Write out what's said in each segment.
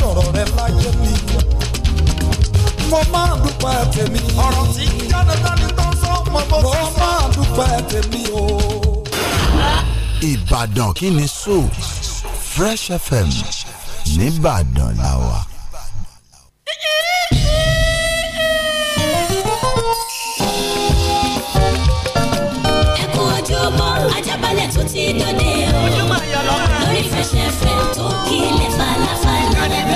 sọ̀rọ̀ rẹ láyé mi. mo máa dúpẹ́ tèmi. ọ̀rọ̀ tí jáde dání tó ń sọ mọ́ mo sọ. mo máa dúpẹ́ tèmi o. Ìbàdàn kí ni so Fresh FM nìbàdàn la wà. ẹkún ojúbọ ajábalẹ̀ tó ti o lórí Fresh FM tó kílẹ̀ falafala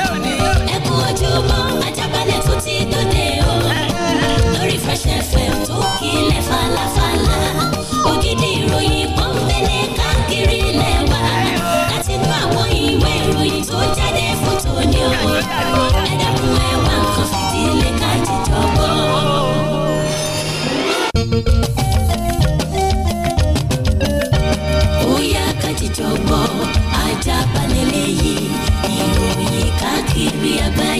ti dòde o lórí Fresh FM tó kílẹ̀ falafala ògidì ìròyìn pọ́npẹ́lẹ́ káàkiri ilẹ̀ wa láti inú àwọn ìwé ìròyìn tó jáde fún tòní o ẹ dẹ́kun ẹ wá nǹkan fìdílé ká jíjọ gbọ́. ó yá ká ajá balẹ̀ lẹ́yìn ìròyìn káàkiri àgbáyé.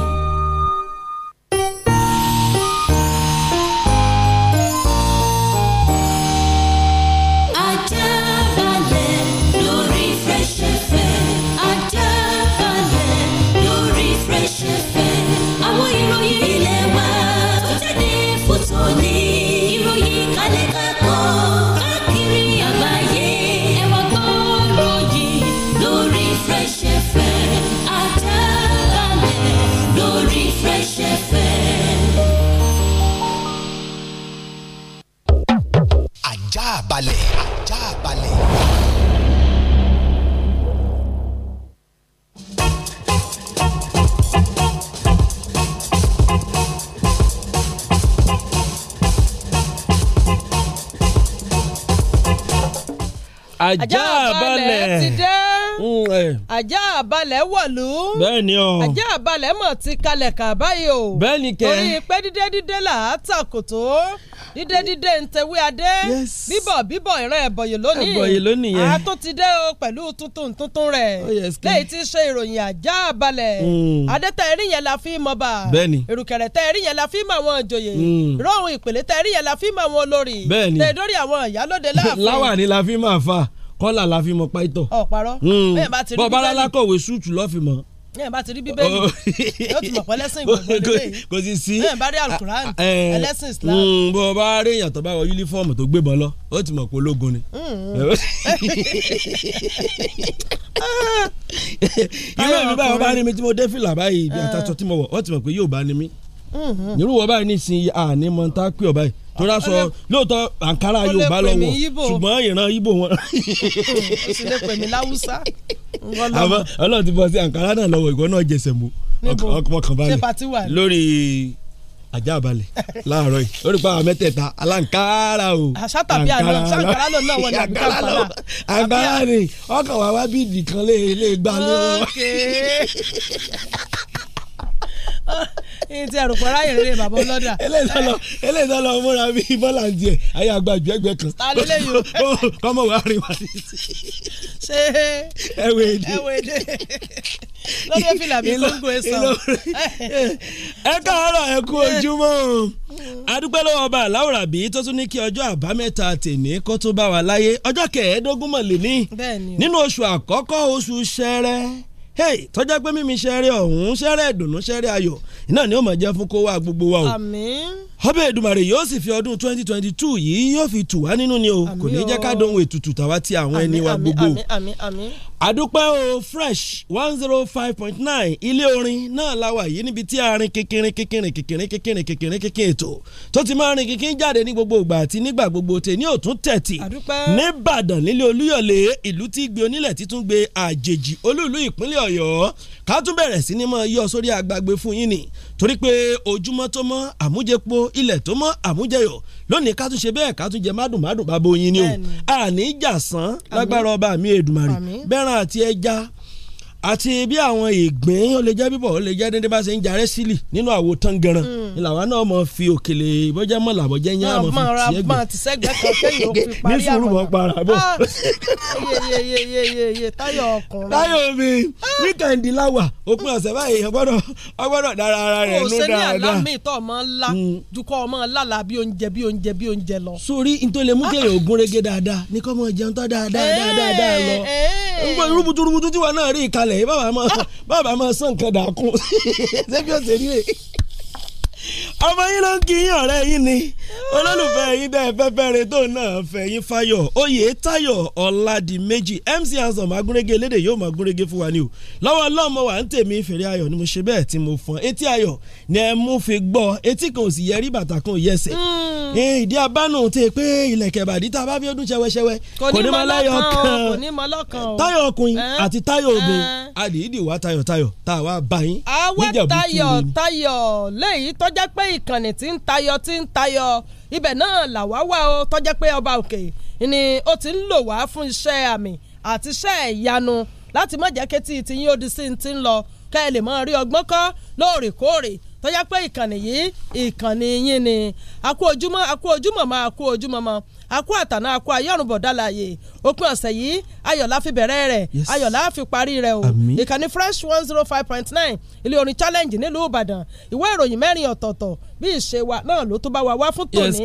ajá àbálẹ̀ ti dé mm, eh. ajá àbálẹ̀ wọ̀lú bẹ́ẹ̀ni o ajá àbálẹ̀ mọ̀ ti kalẹ̀ kà báyìí o bẹ́ẹ̀ni kẹ́ torí pé dídé dídé là á tàkòtò dídé dídé ń tewé adé bíbọ̀ bíbọ̀ ìran ẹ̀bọ̀yè lónìí ẹ̀bọ̀yè lónìí yẹn a tó ti dé o pẹ̀lú tuntun tuntun rẹ̀ lẹ́yìn oh, tí í ṣe ìròyìn ajá àbálẹ̀ mm. adé tẹ ẹrí yẹn la fi mọ̀ bá èrùkẹ̀rẹ̀ tẹ ẹrí yẹn la fi mọ̀ àwọn ìjòyè mm. rọrùn ìpèlè tẹ ẹrí yẹn la fi mọ̀ àwọn olórí tẹ dórí àwọn ìyálóde láàfin láwà ni la fi máa fa kọ́là la fi mọ pàìtọ̀. ọ̀parọ́ hmm. bẹ́ẹ̀ bá ti rí bíbélì bọ́ọ̀ bára lákọ̀wé súùtù lọ́ọ́ fi mọ̀. bẹ́ẹ̀ bá ti rí bíbélì oh. yóò ti mọ̀ pé ẹlẹ́sìn ìgbàgbọ́ lélẹ́yìí kò sì sí bẹ́ẹ̀ bá rí alukuran ah, eh. ẹlẹ́sìn islam. Hmm, bọ́ọ̀ bá rí èèyàn tó bá wọ yúlífọ́ọ̀mù tó gbébọn lọ ó ti mọ̀ pé ológun ni. Hmm. irú èmi báwo bá rí mi tí mo dé fìlà báyìí àtàtọ̀ tí mo wọ̀ ó ti mọ̀ pé yóò bá ní mi. irú wọ báyìí nísìnyí àní mọ̀ pé ọ báyìí tó dá sọ lóòótọ́ àǹkárá yorùbá lọ́wọ́ ṣùgbọ́n ìran ibo wọn. o pè mí láwùsá. àmọ́ ọlọ́run ti bọ́ sí àǹkárá náà lọ́wọ́ ìwọ náà jẹsẹ̀ mu ọkàn balẹ̀ lórí ajá balẹ̀ láàárọ̀ yìí lórí pa àwọn mẹ́tẹ̀ẹ̀ta aláǹkárá o. àṣàtàbí àná ṣàǹkárá lọ náà wọlé àgbàlá lọ. àgbàlá ni ọkàn wà wá bí ìdìkan lè gbà lé ti ẹ̀rù pọ̀ ráyè rere bàbá ọlọ́dà. eléyìí tó lọ múra bí bọ́lá ń jẹ ayé àgbà ju ẹgbẹ́ kan. ta ló lè yọ. kọ́mọ wàá rìn wá sí. ṣé ẹwé èdè ẹwé èdè lórí fìlà mi kóńgò ẹ sàn. ẹ káàárọ̀ ẹ kú ojúmọ́ adúpẹ́ lọ́wọ́ ọba aláwòrán bíi tó tún ní kí ọjọ́ àbámẹ́ta tèmi kó tún bá wa láyé ọjọ́ kẹẹ̀ẹ́dógún mọ̀lẹ́ni nínú oṣù àkọ́kọ́ oṣù ṣẹrẹ hey tọ́já pé mímí ṣẹ́rẹ́ ọ̀hún ṣẹ́rẹ́ ìdùnnú ṣẹ́rẹ́ ayọ̀ náà ni ó máa jẹ́ fún kó wá gbogbo wa o. àmín ọbẹ̀ Èdùmàrè yóò sì fi ọdún twenty twenty two yìí yóò fi tù wá nínú ni o kò ní jẹ́ ká dohun ètùtù tàwa ti àwọn ẹni wa gbogbo. àdúpẹ́ o fresh one zero five point nine ilé orin náà la wà yìí níbi tí a rin kékeré kékeré kékeré kékeré kékeré kékeré ètò tó ti máa rin kékeré jáde ní gbogbo ìgbà àti nígbà gbogbo tè ní òtún tẹ̀tì nìbàdàn nílé olúyọ̀lé ìlú tí gbé onílẹ̀ títún gbé àjèjì olúùlú ìpínlẹ̀ ọ̀yọ́ ká tún bẹ̀rẹ̀ sí ni mọ̀ yọ sórí agbágbé fún yín ni torí pé ojúmọ́ tó mọ́ àmújẹpo ilẹ̀ tó mọ́ àmújẹyọ̀ lónìí ká tún ṣe bẹ́ẹ̀ ká tún jẹ mádùnmádùn bá bóyin ni o àní jà sán lágbára ọba mi Èdùmàrè bẹ́ẹ̀ràn àti ẹja àti bí àwọn ìgbín ó lè jẹ́ bíbọ̀ ó lè jẹ́ dédé bá ṣe ń jarẹ́ sílì nínú àwo tán ganan hmm. ni làwa náà mọ̀ fi òkèlè bọ́jẹ́ mọ̀ làbọ̀jẹ́ yẹn àmọ̀ fi tiẹ̀ gbé ní sùúrù mọ̀ para bọ̀. Ah, táyọ̀ ọkùnrin. táyọ̀ mi ah. wíkẹ̀ndì láwà òpin ọ̀sẹ̀ báyìí ọgbọ́dọ̀ ọgbọ́dọ̀ dára ara rẹ̀ nú dáadáa. kò sẹ́ni àlámì tó ọmọ ńlá hmm. jukọ̀ ọmọ ńlá la bí oúnjẹ bí oúnjẹ bí oúnjẹ lọ. sórí ntòlè mú kéèyàn ògùn rege dáadáa ní kọ́mọ jẹun tó dáadáa dáadáa lọ. Eh, eh, eh, rúbutu rúbutu tí wọn náà rí ìkal kalẹ̀ yìí bàbá máa sàn nǹkan dàkún ṣé bí ó ṣe rí rè ọmọ yín ló ń kí yín ọ̀rẹ́ yín ni olólùfẹ́ yín dẹ́ fẹ́fẹ́re tó náà fẹ́ fáyọ̀ oyè táyọ̀ ọ̀làdìmẹ́jì mc ansom agúnrégé elédè yóò máa gúnrégé fún wa ni o lọ́wọ́ ọlọ́mọ wa ń tèmi fèrè ayọ̀ ni mo ṣe bẹ́ẹ̀ tí mo fọn etí ayọ̀ ni ẹ mú fi gbọ́ etí kan ò sì yẹrí bàtà kan ò yẹsẹ̀ hmm. ìdí abánú ti pé ilẹ̀kẹ̀ bàdí tá a bá fi ọdún ṣẹwẹ́ṣẹwẹ́ kò ní mọ láyọ̀ kan táyọ̀ ọkùnrin àti tayo obìnrin adìyí dìwà táyọ̀ táyọ̀ tá a wá bá yín níjàmbá fún mi. àwa táyọ̀ táyọ̀ lẹ́yìn tọ́ jẹ́ pé ìkànnì tí ń tayọ tí ń tayọ ibẹ̀ náà làwa wà ó tó jẹ́ pé ọba òkè ni ó ti ń lò wá fún iṣẹ́ àmì àti iṣẹ́ ìyanu láti má jẹ́ kétí tiyín ó di sí ti ń lọ kẹ́ ẹ lè mọ rí ọgbọ́n kọ́ lóòrèkóòrè tó yẹ pé ìkànnì yìí ìkànnì yín ni àkú ojúmọ́ àkú ojúmọ́ mọ́ àkú ojúmọ́ mọ́ àkú àtàná àkú ayọ́rùn bọ̀dá òpin ọ̀sẹ̀ yìí ayọ̀lá fi bẹ̀rẹ̀ rẹ̀ ayọ̀lá fi parí rẹ̀ o ìkànnì fresh one zero five point nine ilé orin challenge nílùú ìbàdàn ìwé ìròyìn mẹ́rin ọ̀tọ̀ọ̀tọ̀ bí ìṣe wa náà ló tún bá wa wá fún tòní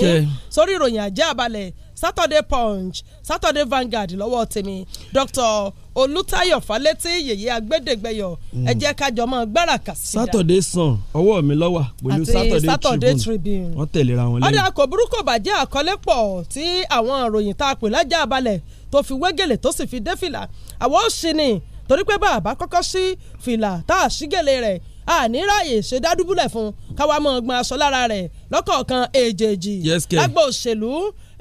sórí ìròyìn àjẹ́ àbálẹ̀ saturday punch saturday vanguard lọ́wọ́ tèmi dr olùtayọ̀ falẹ́tí yèyé agbẹ́dẹ́gbẹ́yọ̀ ẹ jẹ́ kájọ mọ́ gbáràkà sí i. sátọ̀dé sàn ọwọ́ mi lọ́wà pẹ̀lú sátọ̀dé tribune wọ́n tẹ̀léra wọn lẹ́yìn. ọ̀dà kò burúkú bàjẹ́ àkọlé pọ̀ tí àwọn ìròyìn tá a pè lájà abalẹ̀ tó fi wégele tó sì fi dé fìlà àwọn ò ṣì ní torí pé bàbá kọ́kọ́ sí fìlà tá a ṣígèlè rẹ̀ àní ráàyè ṣe dádúbúlẹ̀ fún káwá mọ́ ọgbọ́n aṣọ lára rẹ̀ lọ́kọ̀ọ̀kan èjèèjì lágbó òṣèlú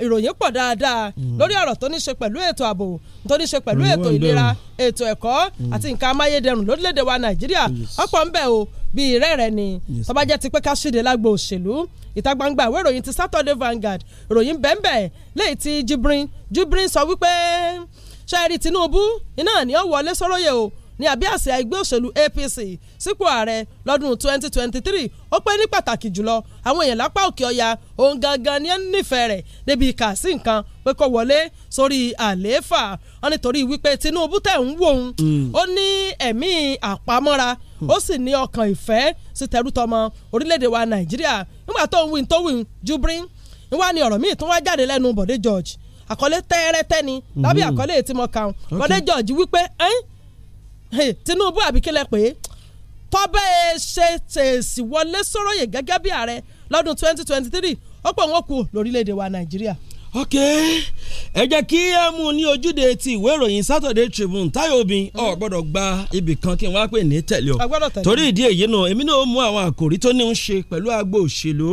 ìròyìn pọ̀ dáadáa hmm. lórí ọ̀rọ̀ tó ní ṣe pẹ̀lú ètò ààbò tó ní ṣe pẹ̀lú ètò ìlera ètò ẹ̀kọ́ hmm. àti nǹkan amáyédẹrùn lórílẹ̀‐èdè wa nàìjíríà ọ̀pọ̀ ń bẹ o bíi ìrẹ́rẹ́ ni tó bá jẹ́ ti pé ká ṣíde lágbo òṣèlú ìta gbangba ìwé ìròyìn ti Saturday Vanguard ìròyìn bẹ́ẹ̀nbẹ́ léyìí ti Jibrin Jibrin sọ wípé ṣáà rí Tinubu iná ni ó wọlé sọ́rọ́yè o ní àbí àsíá ẹgbẹ́ òṣèlú APC sípò ààrẹ lọ́dún 2023 ó pé ní pàtàkì jùlọ àwọn èèyàn lápá òkè ọya òun gangan ni ẹ nífẹ̀ẹ́ rẹ̀ débi ìkà sí nǹkan pé kó wọlé sórí àlééfà wọn nítorí wípé Tinubu tẹ̀ ń wò ó hmm. ó ní ẹ̀mí àpamọ́ra hmm. ó sì ní ọkàn ìfẹ́ sí tẹrútọmọ orílẹ̀-èdè wa Nàìjíríà nígbà tó ń win tó win jubrin wá ni ọ̀rọ̀ míì tó wá jáde lẹ́nu Bọ̀dé George àkọlé tẹ́rẹ́tẹ́ ni hmm. lábẹ́ àkọlé ètí mọ̀ọ́kàn Bọ̀dé George wípé ẹ́n Tinubu àbíkílẹ̀ pé tọ́bẹ̀ ṣe tèèsì wọlé Sóróyè gẹ́gẹ́ bí ààrẹ lọ́dún twenty twenty three ó pọ̀ wọ́n kú lórílẹ̀‐èdè wa Nàìjíríà. ok ẹ jẹ́ kí ẹ mú ní ojúde ti ìwé ìròyìn Saturday Tribune Táyọ̀ Obìn ọ̀ mm. gbọ́dọ̀ gba ibì kan kí n wá pè ní tẹ̀lé o torí ìdí èyí náà èmi náà mú àwọn àkòrí tó ní ń ṣe pẹ̀lú agbo òṣèlú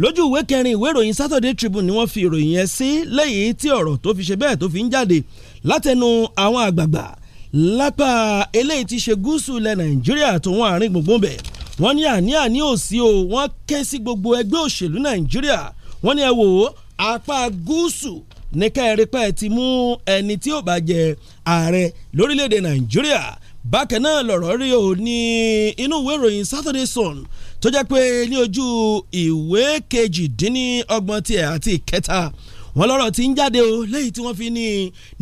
lójú ìwé kẹrin ìwé ìròyìn Saturday Tribune ni wọ́n fi ìròyìn yẹn sí lẹ́yìn tí ọ̀rọ̀ tó fi ṣe bẹ́ẹ̀ tó fi ń jáde látẹnu àwọn àgbààgbà lápá eléyìí ti ṣe gúúsù ilẹ̀ nàìjíríà tó wọn àárín gbùngbùn bẹ̀ wọ́n ní àní àní òsì o wọ́n ké sí gbogbo ẹgbẹ́ òṣèlú nàìjíríà wọ́n ní ẹ wò ó apá gúúsù ní kẹ́ẹ̀rípẹ́ ti mú ẹni tí ó bá jẹ ààrẹ lórílẹ̀‐èdè nàìjíríà bákan náà lọ̀rọ̀ rí o ní inú ìwé ìròyìn Saturday Sun tó jẹ́ pé ní ojú ìwé kejìdínlọ́gbọ̀n tiẹ̀ àti ìkẹta wọ́n lọ́rọ̀ tí ń jáde o lẹ́yìn tí wọ́n fi ní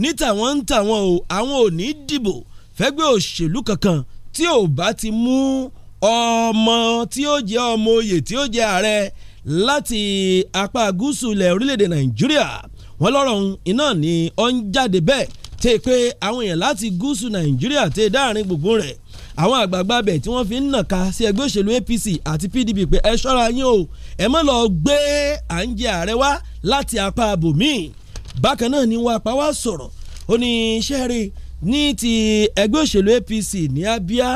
ní tàwọn ń tàwọn o àwọn ò ní dìbò fẹ́gbẹ́ òṣèlú kankan tí ò bá ti mú ọmọ tí ó jẹ́ ọmọ oyè tí ó jẹ́ ààrẹ láti apá gúúsù ilẹ̀ orílẹ̀-èdè Nàìjíríà wọ́n lọ́rọ̀ iná ni ó ń jáde bẹ́ẹ̀ tẹ́ ẹ pé àwọn èèyàn láti gúúsù nàìjíríà tẹ́ ẹ dáàrin gbogbo rẹ̀ àwọn àgbààgbà bẹ̀ tí wọ́n fi ń nàka sí ẹgbẹ́ òṣèlú APC àti PDP pé ẹ ṣọ́ra yín o ẹ má lọ gbé à ń jẹ ààrẹ wá láti apá abòmíì bákan náà ni wàá pa wá sọ̀rọ̀ ó ní iṣẹ́ rí ní ti ẹgbẹ́ òṣèlú APC ní Abia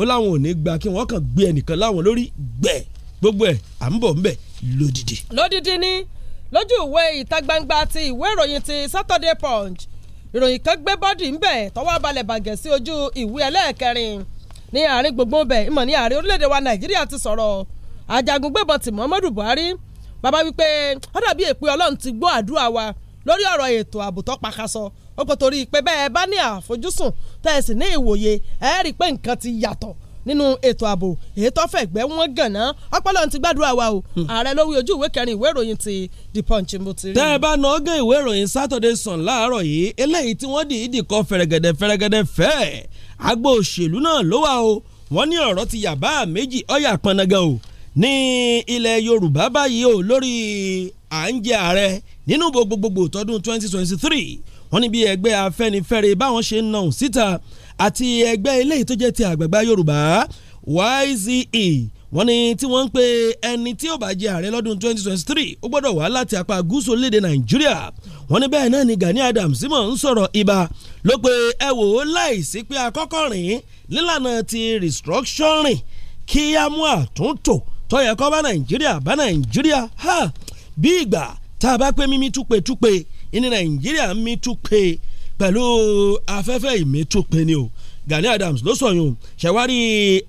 ó láwọn ò ní gba kí wọ́n kàn gbé ẹnìkan láwọn lórí gbẹ̀ gbogbo ẹ̀ à ń bọ̀ ń bẹ̀ lódìdí. lódìdí ni lójú ìwé ìta gbangba ti ìwé ìròyìn ti Saturday Punch ìròyìn kan gbé bọ́dì ńbẹ tọ́wọ́ balẹ̀ bàgẹ́ sí ojú ìwé ẹlẹ́ẹ̀kẹrin ní àárín gbogbo bẹ̀ ìmọ̀ ní àárín orílẹ̀-èdè wa nàìjíríà ti sọ̀rọ̀ ajagun gbébọn tì muhammadu buhari bàbá wípé ó dàbí èpè ọlọ́run ti gbọ́ àdúrà wa lórí ọ̀rọ̀ ètò ààbò tó pakasọ ó kò torí pé bẹ́ẹ̀ bá ní àfojúsùn tẹ̀sí ní ìwòye ẹ̀ẹ́rì pé nǹkan ti yàtọ̀ nínú ètò ààbò èyí tó fẹ́ gbẹ́ wọ́n gànná ọpọlọ ti gbàdúrà wa o hmm. ààrẹ ló wí ojú ìwé kẹrin ìwé ìròyìn ti the punch mo ti rí. tẹ́ ẹ bá na ọgẹ́ ìwé ìròyìn Saturday Sun láàárọ̀ yìí eléyìí tí wọ́n di ìdìkọ fẹ̀rẹ̀gẹ̀dẹ̀ fẹ̀rẹ̀gẹ̀dẹ̀ fẹ́ agbó òṣèlú náà ló wà o wọ́n ní ọ̀rọ̀ ti yàbá méjì ọ̀yà pọnagan o ní ilẹ̀ Yorùbá báyìí o lórí à ń jẹ ààrẹ nínú gbogbogbò tọdún 2023 wọ́n ní bí ẹgbẹ́ Afẹ́nifẹ́re báwọn ṣe ń nà síta àti ẹgbẹ́ eléyìí tó jẹ́ ti àgbààgbà Yorùbá YZE wọ́n ní tí wọ́n ń pe ẹni tí ó bá jẹ ààrẹ lọ́dún 2023 ó gbọ́dọ̀ wá láti apá gúúsù léde Nàìjíríà wọ́n ní bẹ́ẹ̀ náà ni Gani Adams mọ̀ ń sọ̀rọ̀ ibà ló pe ẹ wò ó láìsí pé akọ́kọ́ rìn lílànà ti restructuring kí á mú àtúntò tó yẹ kó bá Nàìjíríà bá Nàìjíríà bí ìgbà tá a bá pé mímí túpe túpe ìní Nàìjíríà mí túpe pẹ̀lú afẹ́fẹ́ ìmítúpẹ́ ni o Gani Adams ló sọ̀yún ṣẹ̀wárí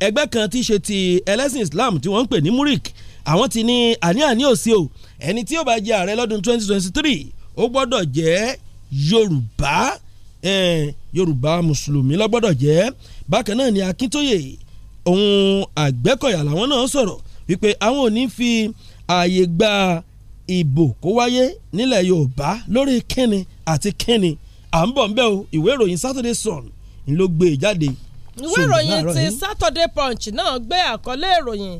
ẹgbẹ́ kan tí í ṣe ti ẹlẹ́sìn Islam tí wọ́n ń pè ní Murik àwọn ti ní àní-àní òsì o ẹni tí ó bá jẹ ààrẹ lọ́dún 2023 ó gbọ́dọ̀ jẹ́ Yorùbá Yorùbá mùsùlùmí ló gbọ́dọ̀ jẹ́ bákan náà ni Akíntóyè òun Àgbẹ̀kọ̀yà làwọn náà sọ̀rọ̀ wípé àwọn ò ní fi ààyè gba ìbò kó wáyé nílẹ̀ Yorùbá lórí kínni àti kínni à ń bọ̀ ń bẹ́ o ìwé ìròyìn Saturday Sun ń ló gbé e jáde. ìwé ìròyìn ti Saturday Punch náà gbé àkọlé ìròyìn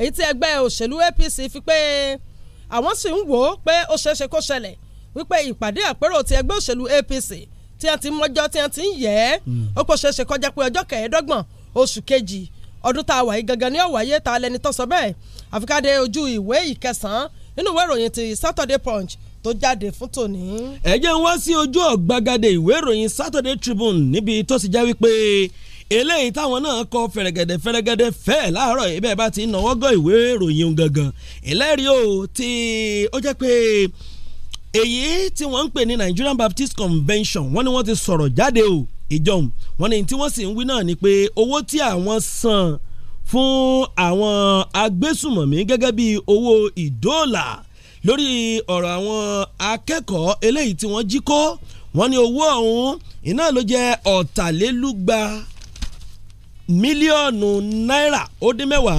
èyí tí ẹgbẹ́ òṣèlú APC fi pé àwọn sì ń wò ó pé ó ṣeéṣe kó ṣẹlẹ̀ wípé ìpàdé àpérò ti ẹgbẹ́ òṣèlú APC tí a ti mọjọ́ tí a ti ń yẹ̀ ẹ́ hmm. ó kó ṣeéṣe kọjá pé ọjọ́ kẹẹ̀ẹ́dọ́gbọ̀n oṣù kejì ọdún tá a wà yìí gangan ní ọ̀wáyé a lẹni tó sọ bẹ́ẹ̀ àfikàdé ojú ìwé ìkẹsàn-án nínú ìwé ìròyìn ti Saturday Punch tó jáde fún tòní. ẹ jẹ́ ń wá sí ojú ọ̀gbagadé ìwé ìròyìn Saturday Tribune níbi tó ti já wípé eléyìí táwọn náà kọ fẹ̀rẹ̀gẹ̀dẹ̀ fẹ̀rẹ̀gẹ̀dẹ̀ fẹ́ láàárọ̀ ibẹ̀ bá ti náwó gọ́ ìwé ìròyìn gangan ẹlẹ́rìí o ti ó jẹ́ pé èyí tí wọ́n ń pè ní Nigerian Baptist Convention wọ́n ní wọ́n ti sọ̀rọ̀ jáde o ìjọm wọ́n ní tí wọ́n sì ń wí náà ni pé owó tí àwọn san fún àwọn agbésùmọ̀mí gẹ́gẹ́ bí owó ìdóòlà lórí ọ̀rọ̀ àwọn akẹ́kọ̀ọ́ eléyìí tí wọ́n jí kó wọ́n ní owó ọ̀hún iná ló jẹ́ ọ̀tàlélúgba mílíọ̀nù náírà ó dín mẹ́wàá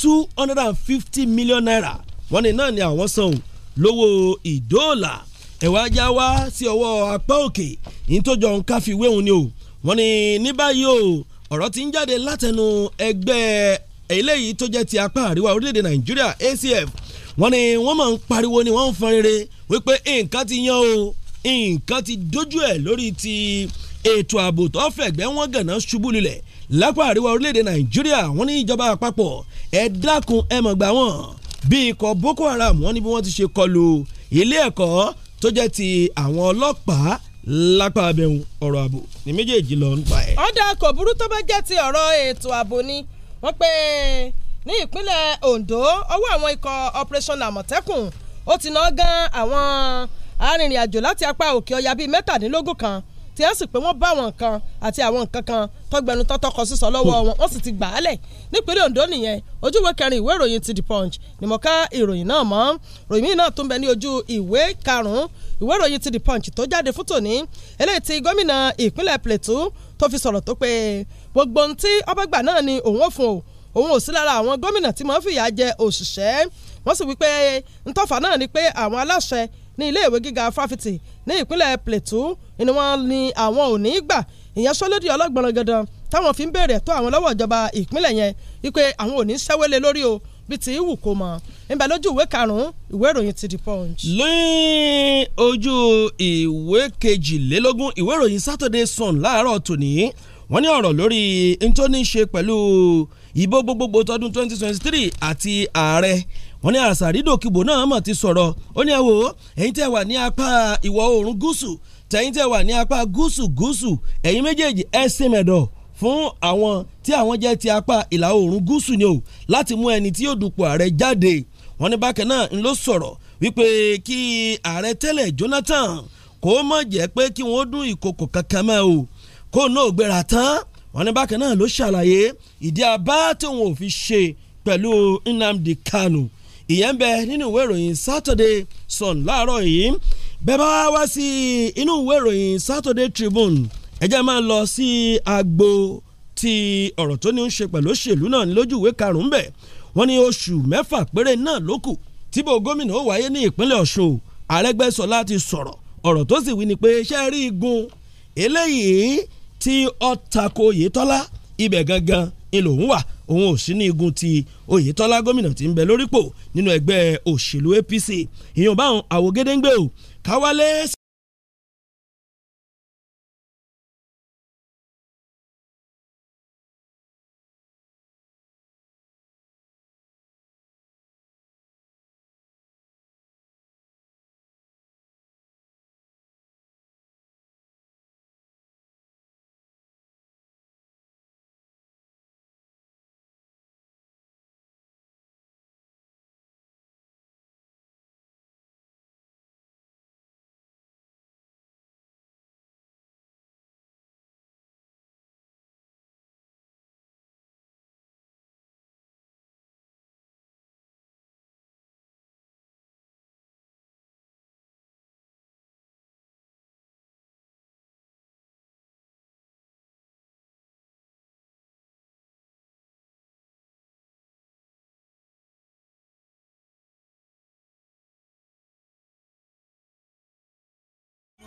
two hundred and fifty million naira wọ́n ní náà ni àwọn san lówó ìdóòlà ẹ̀wá já wá sí ọwọ́ apá òkè yìí tó jọ nǹkan fi wéhun ni o wọ́n ní ní báyìí o ọ̀rọ̀ ti ń jáde látẹnu ẹgbẹ́ eléyìí tó jẹ́ ti apá àríwá orílẹ̀-èdè nàìjíríà ACF wọ́n ní wọ́n máa ń pariwo ni wọ́n ń fọn rere wípé nǹkan ti yan o nǹkan ti dojú ẹ̀ lórí ti ètò ààbò tó fẹ̀gbẹ́ wọn gànà ṣubú lulẹ̀ lápá àríwá orílẹ̀-èdè nàìjíríà wọ́n ní ìjọba àpapọ̀ ẹ dákun ẹ mọ̀ gbà wọ́n bí ikọ̀ boko haram wọ́n ní bí wọ́n ti ṣe kọlu ilé ẹ̀kọ́ tó jẹ́ ti àwọn ọlọ́pàá lápá abẹ́hùn ọ̀rọ̀ ààbò ní méjèèjì lọ pa ẹ̀. ọ̀dà kò burú tó bá jẹ́ ti ọ̀rọ̀ ètò ààbò ni wọ́n pé ní ìpínlẹ̀ Ondo ọwọ́ àwọn ikọ̀ operation àmọ̀tẹ́kùn ó ti ná gan àwọn arìnrìn-àjò láti apá òkè ọya bíi mẹ́tàdínlógún kan tí wọ́n sì pé wọ́n bá àwọn nǹkan àti àwọn nǹkan kan tọ́gbẹ́nu tọ́tọ́kọ sísọ lọ́wọ́ wọn wọ́n sì ti gbà á lẹ̀ nípínlẹ̀ Ondo nìyẹn ojúwe kẹrin ìwé ìròyìn ti The Punch ni mo ká ìròyìn náà mọ́ ròyìn náà tún bẹ ní ojú ìwé karùn-ún ìwé ìròyìn ti The Punch tó jáde fún tòní eléyìí ti gómìnà ìpínlẹ̀ Plateau tó fi sọ̀rọ̀ tó pé gbogbo ohun tí ọbẹ̀gbà náà ni òun ò fún o òun ò sí lára àwọn gómìnà tí wọ́n fìyà jẹ òṣìṣẹ́ wọ́n sì wípé ntọ́fà náà ni pé àwọn aláṣẹ ní iléèwé gíga fáfitì ní ìpínlẹ̀ Plateau ni wọ́n ní àwọn ò ní gbà ìyanṣẹ́lódì ọlọ́gbọ̀nrán gandan táwọn fi ń béèrè ẹ̀tọ́ àwọn lọ́wọ́ ìjọba ìpínlẹ̀ yẹn wípé àwọn ò ní ṣẹ́wélé lórí o bíi ti ìwù kò mọ̀ níbà lójú ìwé karùn-ún ìwé ìròyìn ti The Punch. ní ojú ìwé kejìlélógún ìwé ìròyìn Saturday Sun láàárọ̀ tòní wọ́n ní ọ̀rọ̀ lórí ntọ́ni ṣe pẹ̀lú ìbò gbogbogbò tọdún 2023 àti ààrẹ wọ́n ní àṣàrídòkìbò náà mọ̀ ti sọ̀rọ̀ ó ní àwò ẹ̀yin tẹ́ wà ní apá ìwọ̀ oòrùn gúúsù tẹ̀yin tẹ́ wà ní apá gúúsù gúúsù ẹ̀yin méjèèjì ẹ̀ sèmẹ̀dọ̀ fún àwọn tí àwọn jẹ́ ti apá ìlà oòrùn gúúsù ni o láti mú ẹni tí yóò dupò ààrẹ jáde wọ́n ní bákan náà ń lọ sọ̀rọ̀ wípé kí ààrẹ tẹ́lẹ̀ Jonathan kó mọ̀ jẹ́ pé kí wọ́n dún ìkòkò kankan mọ́ o kó náà gbéra tán wọ́n ní bákan náà ló ṣàlàyé ìdí abá tóun ò fi ṣe pẹ̀lú Nnamdi Kanu ìyẹn bẹ nínú ìwé ìròyìn Saturday Sun láàárọ̀ yìí bẹ́ẹ̀ bá wá sí inú ìwé ìròyìn Saturday Tribune ẹ jẹ́ máa lọ sí agbo ti ọ̀rọ̀ tó ní ń ṣe pẹ̀lú òṣèlú náà lójú ìwé karùn-ún bẹ̀ wọ́n ní oṣù mẹ́fà péré náà ló kù tíbo gómìnà ó wáyé ní ìpínlẹ̀ Ọ̀ṣun Arẹ́gbẹ́ṣọlá ti sọ̀rọ̀ ọ̀rọ̀ tó sì wí ni pé ṣe rí igun eléyìí tí ó tako Oyètọ́lá ibẹ̀ gangan ni lòun wà òun ò sí ní igun ti Oyètọ́lá gómìnà tí ń bẹ lórípò nínú ẹgbẹ́ òṣèlú APC ìyọ̀nbáwọn àwògedengbe ò káwálé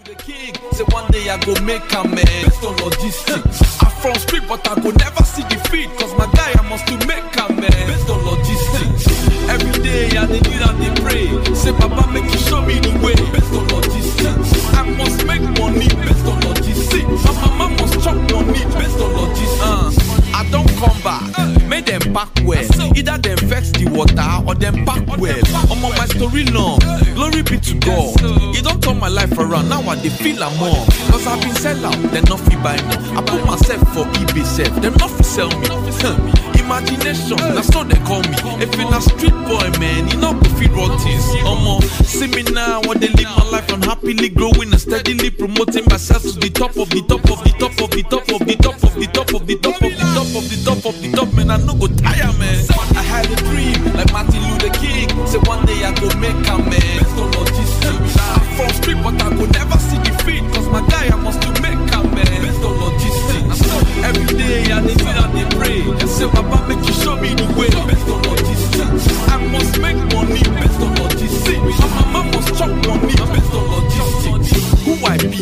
the king. Say one day I go make a man Best on logistics. I'm from street, but I go never see defeat. Cause my guy, I must to make a man Best on logistics. Every day I they need and they pray. Say, Papa, make you show me the way Best on logistics. I must make money Best on logistics. My mama must chop money Best on logistics. Uh. I don't come back. Hey. Make them back well. Either them vex the water or them back well. I'm on my story long. Glory be to God. He don't turn my life around. Now I they feel I'm on. Cause I've been sell out. They not buy now. I put myself for eBay self. Them not fee sell me imagination. Now so they call me. If in a street boy, man, you know go feed rotis. Omo, see me now, what they live my life unhappily growing and steadily promoting myself to the top of the top of the top of the top of the top of the top of the top of the top of the top of the top, man. I no go tire, man. I had a dream like Martin Luther King. Say one day I go make a man. From street, but I go never see defeat. Cause my guy, I must to make a man. Based on logistics. Every day I need way. Just say, Papa, make you show me the way. Best on all these things, I must make money. Best on all these things, my mama must chop money. Best on all these things, who I be?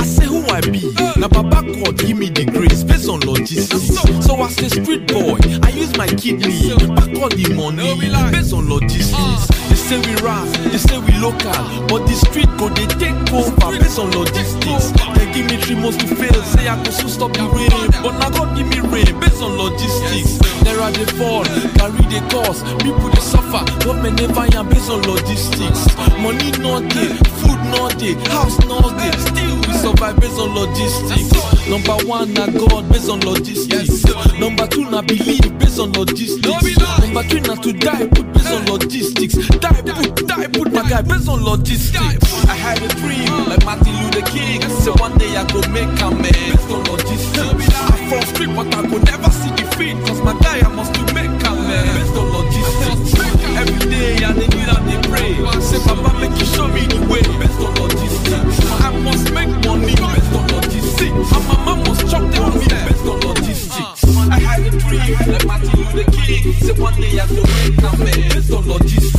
I say who I be. Now Papa God give me the grace. Based on logistics, so as a street boy, I use my kidney. Back all the money. Based on logistics. say we rap, they say we local, but the street go they take over based on logistics. They give me three months to fail, say I go so stop the rain, but now God give me rain based on logistics. There are the fall, carry the cost, people they suffer, but government never am based on logistics. Money not there, food not there, house not there, still we survive based on logistics. Number one, na God based on logistics. Yes, Number two, na believe based on logistics. Number three, na to die put based on logistics. Die put, die put, my guy based on logistics. I had a dream uh. like Martin Luther King. So one day I go make a man based on logistics. I from street, but I go never see defeat. Cause my guy, I must be make a man based on logistics. Every day I they need and they pray. Say Papa, make you show me the way based on logistics. I must make money based on logistics sick. And my mom was chopped down with the best of logistics. Uh, I had a dream, let Matthew the king. Say one day I have to wake man, best of logistics.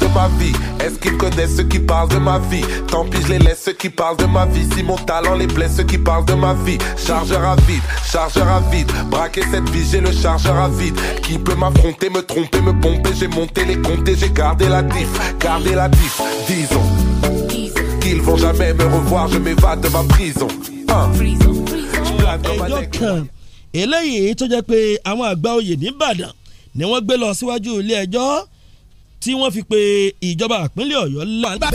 de ma vie Est-ce qu'ils connaissent ceux qui parlent de ma vie Tant pis, je les laisse ceux qui parlent de ma vie. Si mon talent les blesse, ceux qui parlent de ma vie. Chargeur à vide, chargeur à vide. Braquer cette vie, j'ai le chargeur à vide. Qui peut m'affronter, me tromper, me pomper J'ai monté les comptes et j'ai gardé la diff. Gardé la diff, disons. Qu'ils vont jamais me revoir, je m'évade de ma prison. Hein? tí wọ́n fi pe ìjọba ìpínlẹ̀ Ọ̀yọ́ lọ́wọ́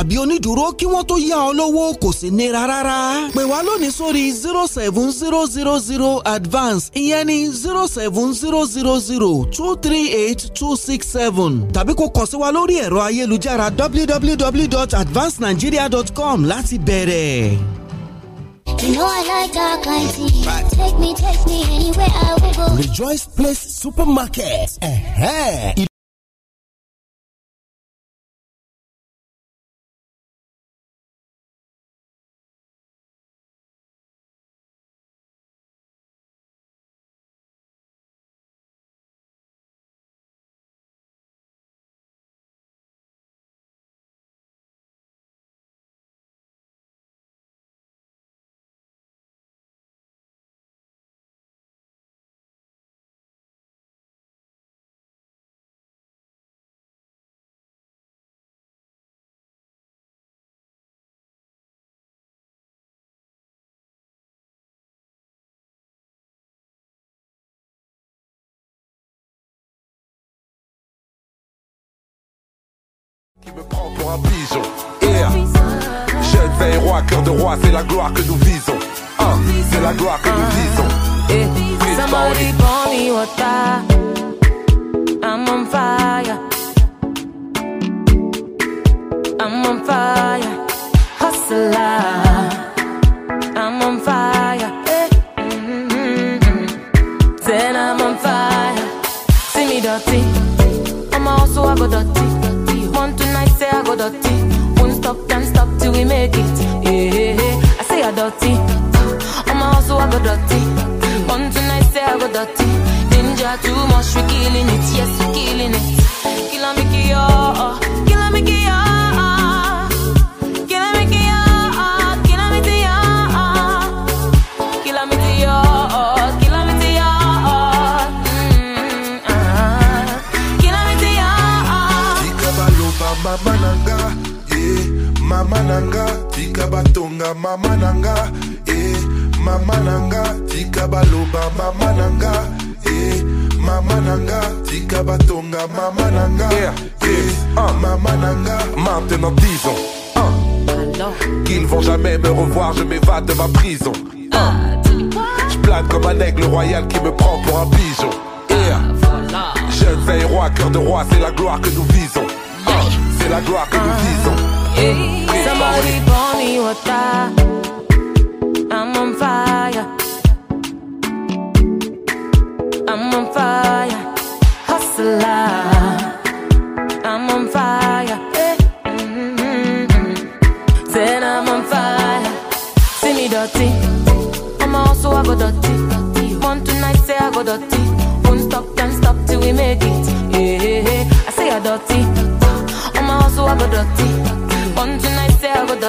tàbí onídùúró kí wọ́n tó yá ọ lówó kò sí nira rárá. pè wá lónìí sórí zero seven zero zero zero advance ìyẹn ní zero seven zero zero zero two three eight two six seven tàbí kò kàn sí wa lórí ẹ̀rọ ayélujára www.advancenigeria.com láti bẹ̀rẹ̀. You know I like dark lighting. Right. Take me, take me anywhere I will go. Rejoice Place Supermarket. Uh-huh. Tu me prends pour un pigeon. Yeah. Jeune veille roi, cœur de roi, c'est la gloire que nous visons. Ah, c'est la gloire que nous hein. visons. Somebody pour me water. I'm on fire. I'm on fire. Hustler. I'm on fire. Mm -hmm. Then I'm on fire. See me dirty. I'm also a go it. Yeah, I say I dirty. On my hustle I go dirty. One tonight say I go dirty. Ninja too much, we killing it. Yes, nanga tika batonga mama nanga eh mama nanga tika baloba mama nanga eh mama nanga tika batonga mama nanga eh, uh. mama maintenant disons uh. ah. qu'ils vont jamais me revoir je m'évade de ma prison ah. je plane comme un aigle royal qui me prend pour un pigeon Eh Jeune veille roi, cœur de roi, c'est la gloire que nous visons c'est la gloire que nous visons. somebody me water, I'm on fire.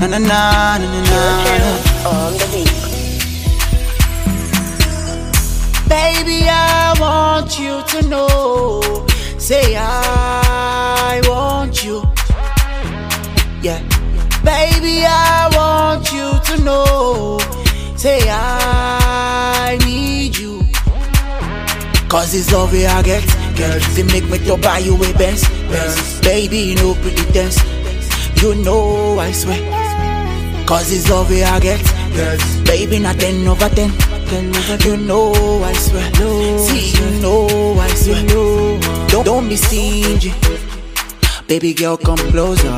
na na na na na na. Baby, I want you to know. Say I want you. Yeah. Baby, I want you to know. Say I need you. Cause it's love I get. Girl, they make me to buy you a Benz, Baby, no pretty dance. You know I swear Cause it's all we I get. Yes. Baby, not 10 over 10. ten over 10. You know I swear. No, See, you know I swear. No, Don't, don't be stingy. Baby girl, come closer.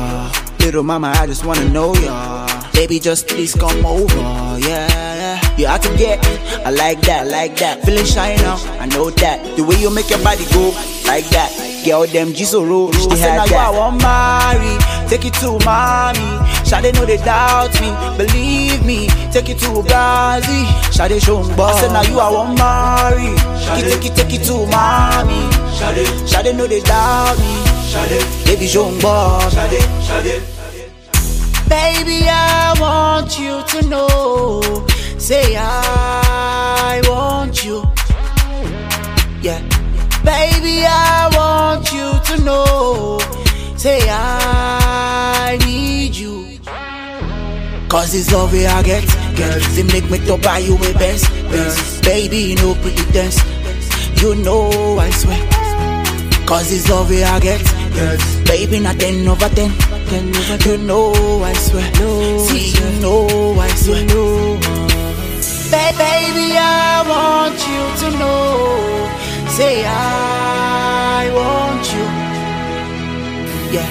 Little mama, I just wanna know ya. Baby, just please come over. Yeah. You have to get, I like that, like that. Feeling shy now, I know that. The way you make your body go, like that. Girl, them Jisoro, she had that. I want marry, take it to mommy. Shade know they doubt me, believe me. Take it to Gazi, Shade show me. I said now you I want marry, take it, take it take it to mommy. Shade know they doubt me, Shadé, baby show me. Baby, I want you to know. Say I want you. Yeah. Baby, I want you to know. Say, I need you. Cause it's love we I get, get. They make me to buy you a best, best. Baby, no pretense. You know, I swear. Cause it's love we I get, girls. Baby, not 10 over 10. You know, I swear. See, you know, I swear. Ba- baby, I want you to know. Say I want you. Yeah.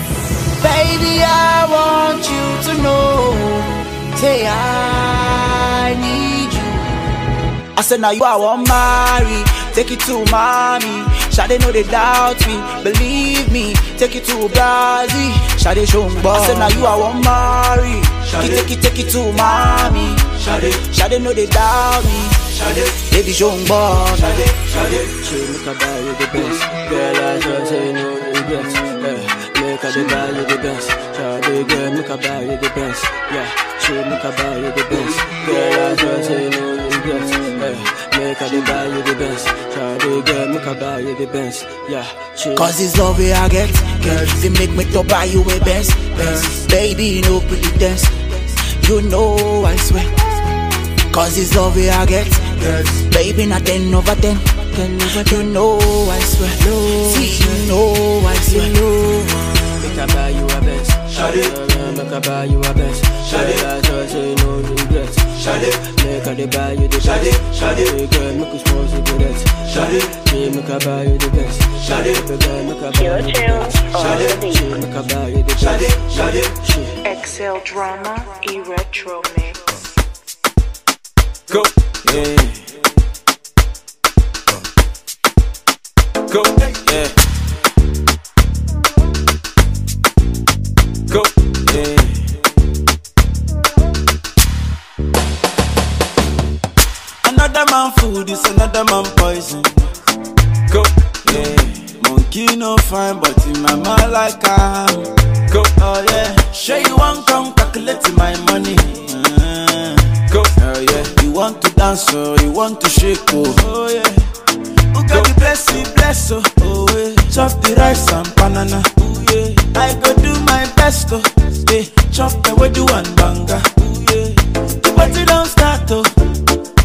Baby, I want you to know. Say I need you. I said now you I want marry. Take it to mommy. Shade know they doubt me, believe me. Take it to Brazil, Shade show me. I said now you I want marry. Shade take it, take it to mommy. Shade, Shade know they doubt me. Shade, baby show me. Shade, Shade, show me can buy the best. Girl, I just say no regrets. Yeah, make I buy the best. Shade, girl, make I buy the best. Yeah, show me can buy the best. Girl, I just say no regrets. Yeah. Make I dey buy you the best. Try to get make I buy you the best. Yeah, chill. Cause it's love we I get, can easy make me to buy you the best, best. Baby, no pretense. You know I swear. Cause it's love we I get, yes. baby, not ten over ten. Ten over ten. You know I swear. No, See, you know I swear. You know. Make I buy you a best. Shut it. Make I buy you a best. Shut it. I just say no regrets. Shut it. Make I buy you the best. Shut it. Girl, make us pause the that. Shut Me make I buy you the best. Shut it. Girl, make I buy you the best. Shut it. She make I buy you the best. Shut Excel drama e retro mix. Go. Yeah. Go. Yeah. another man food, is another man poison. Go, yeah. Monkey no fine, but in my mind like I am. Go, oh yeah. Sure you want come calculate my money. Mm-hmm. go, oh yeah. You want to dance, oh, you want to shake, oh, oh yeah. Who got the blessing, bless, oh, oh yeah. Chop the rice and banana, oh yeah. I go do my best, oh, yeah. Chop the wedu and banga, oh yeah. The party don't start, oh.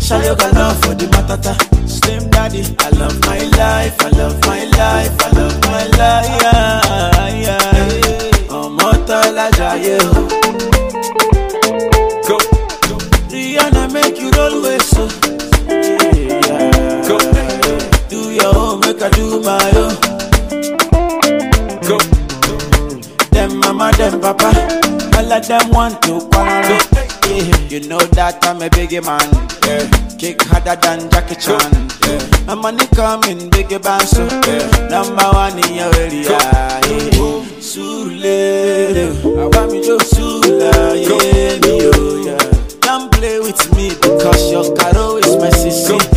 Shall you love for the matata? Slim daddy, I love my life, I love my life, I love my life. Yeah, yeah. Ọmọ tọ́lá jayé o. Go. Rihanna make you roll way so. Yeah. Go. Do your own, make I do my own. Go. Them mama, them papa, all of them want to quarrel. You know that I'm a biggie man. Yeah. Kick harder than Jackie Chan. Yeah. My money coming, biggie bounce. Yeah. Number one in your area. Yeah. Sule, I want me to Sula, yeah, me, oh, yeah. Don't play with me because your caro is my sister.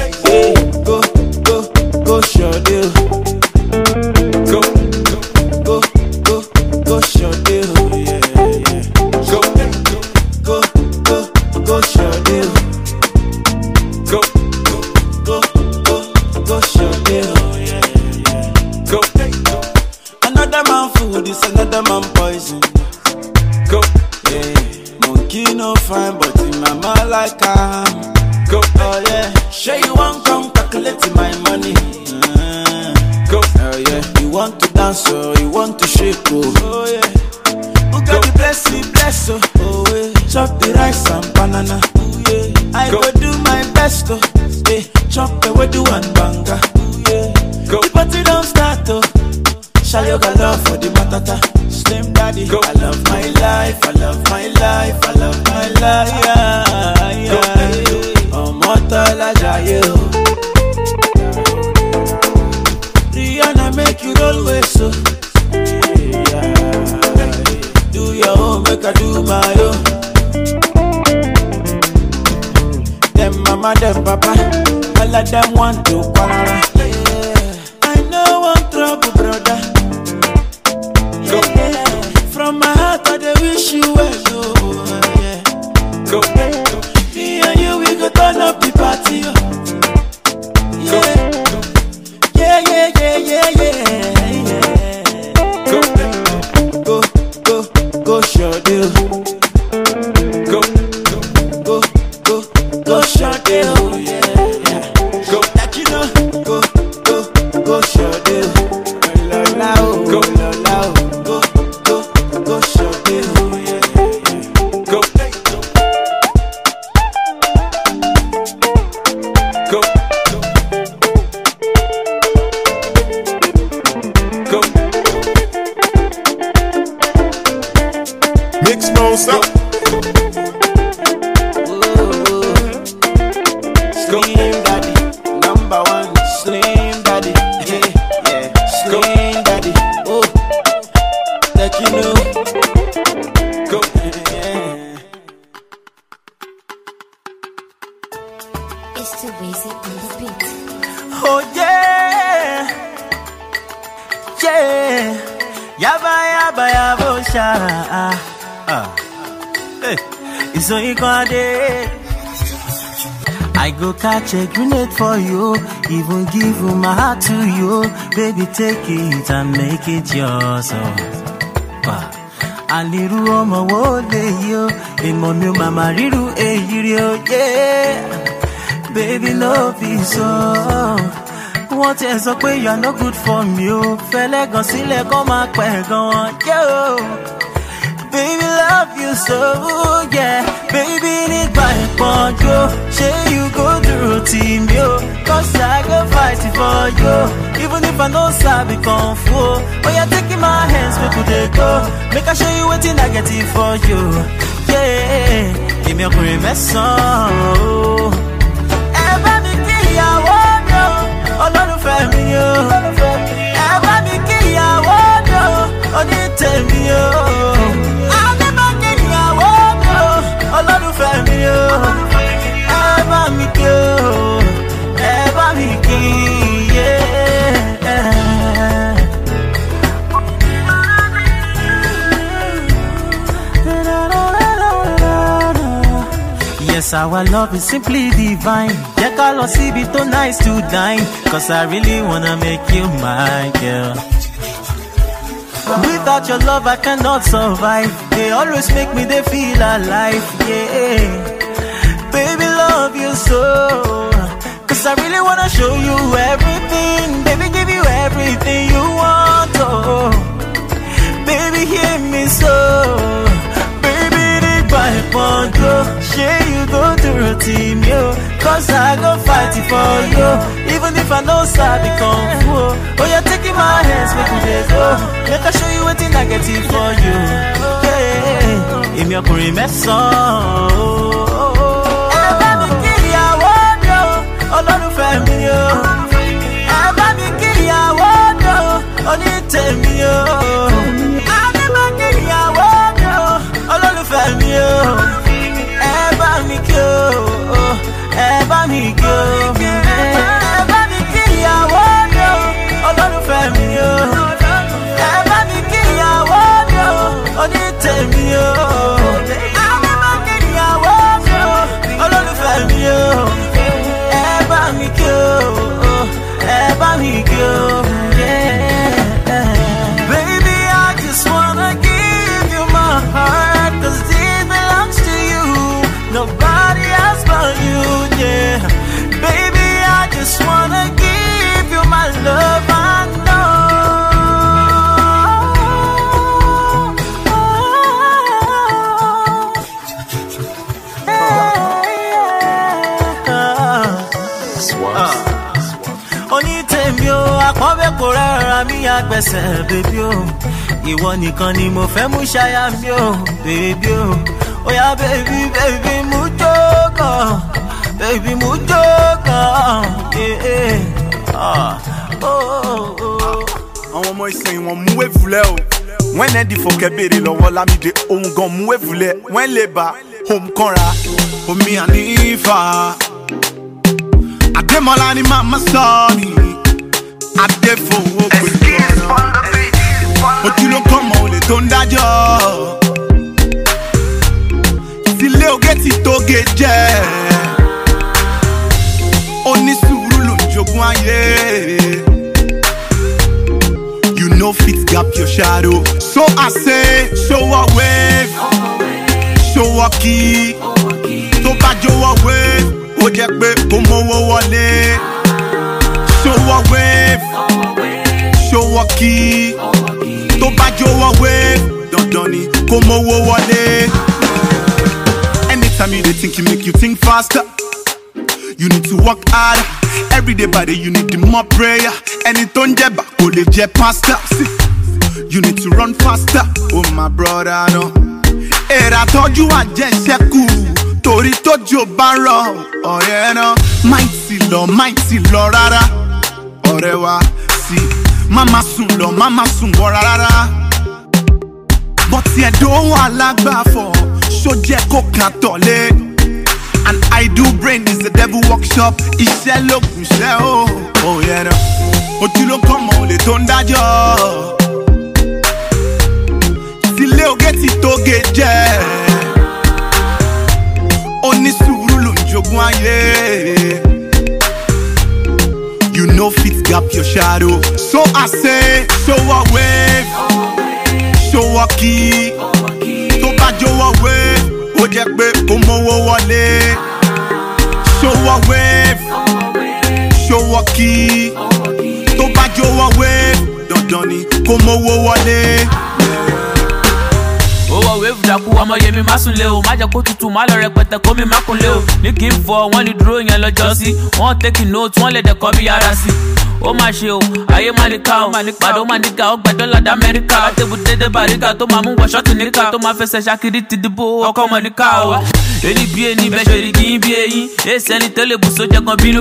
them want to come Check grenade for you, even give my heart to you. Baby, take it and make it yours. Oh. Wow. Anirú ọmọ wo lèyí yo. èmọ̀ mi ò mama, ríru èyí rí o, yeah. Baby love is so. Wọ́n tiẹ̀ sọ pé you are no good for me o, fẹ́lẹ́ gan sílẹ̀ kọ́ máa pẹ̀ gan-an, yeah. Baby love you so, yeah. Baby, need my for yo. Say you go through team, yo. Cause i go sacrifice for you. Even if I know sabi kung fu. When you're taking my hands, we could go. Make I show you what I get it for you. Yeah, give me a oh. great mess on. Olólùfẹ́ mi tell me o, onítẹ̀mí o. Cause our love is simply divine. Yeah, call us be too nice to dine. Cause I really wanna make you my girl. Without your love, I cannot survive. They always make me they feel alive. Yeah, baby, love you so. Cause I really wanna show you everything. Baby, give you everything you want. Oh, baby, hear me so buy one go. Share you go to routine, yo. Cause I go fight it for you. Even if I know Sabi Kung Fu. Oh, you're taking my hands, make me go. Make I show you what I get it for you. Yeah, èmi ọkùnrin mẹ́sàn-án. Ẹ bá mi kiri àwọn ọ̀dọ́ fe mi oe ba mi ki oe ba mi ki lẹ́sẹ̀ bèbí o ìwọ nìkan ni mo fẹ́ mú ṣáyà mi o bèbí o oya bèbí bèbí mú jókòó bèbí mú jókòó yéé ah, oh, oh, oh. àwọn ọmọ ìsìn wọn mú èvùlẹ o wọn nẹẹdì fọkẹ béèrè lọ́wọ́ lámìdé ohun gan mú èvùlẹ wọn lè bá ohun kanra omi ànífà àdèmọlá ni màmá sọ ni àdèfowó pè. tó ń dájọ́ ìdílé oge ti tóge jẹ́ onísùúrù ló ń jogún ayé. You no fit gap your shadow. So I say, show a wave, show a key. Tó bá jọ̀wọ́ wave, ó jẹ́ pé kò mówó wọlé. Show a wave, show a key tó bá jówọ́ wave dandan ni kó mówó wọlé. anytime you dey think you make you think faster. You need to work hard. Every day by day, you need more prayer. Ẹni tó ń jẹba kò lè jẹ pasta. You need to run faster. Oh my brother no. Èrà tọ́jú àjẹsẹ́kù torí tójú bá rọ ọ̀rẹ́ náà. Máì ti lọ, máì ti lọ rárá. Ọ̀rẹ́ wa sí i má má sùn lọ má má sùn bọ̀ rárá. bọ́tí ẹ̀dọ́ alágbàfọ̀ ṣó jẹ́ kó kàn tọ̀lé. an idle brain is a devil workshop iṣẹ́ ló kù ṣẹ́ o. ó oh, yẹra ojú ló kọ́ mọ̀ olè tó ń dájọ́. tilé oge ti tóge jẹ́. onísùúrù ló ń jogún ayé no fit gap your shadow. So I say, show a wave, show a key. Tó bad jó a wave, ó jẹ́ pé kò mọ́wọ́ wọlé. Show a wave, show a key. Tó bá jó a wave, dandan ni kò mọ́wọ́ wọlé ọwọ́ wéèvù dàkú ọmọ yèmí má sùn lé o má jẹ́ kó tutù má lọ rẹpẹtẹ kó mi má kun lé o ní kí n fọ wọ́n lè dúró yẹn lọ́jọ́ sí wọ́n tẹ́kì nóòtù wọ́n lè dẹ̀kọ́ bí yàrá sí ó máa ṣe o ayé máa ní ká o pàdó máa ní ká o gbẹ dọ́là dá amẹ́ríkà látẹ̀bù dédé bàríkà tó máa mú wọ ṣọ́ọ̀tì níkà tó máa fẹsẹ̀ ṣakiri ti dìbò ọkọ̀ mọ̀ ní ká o. èyí bí ẹni bẹ́ẹ̀ ṣe rí kí n bí eyín èsì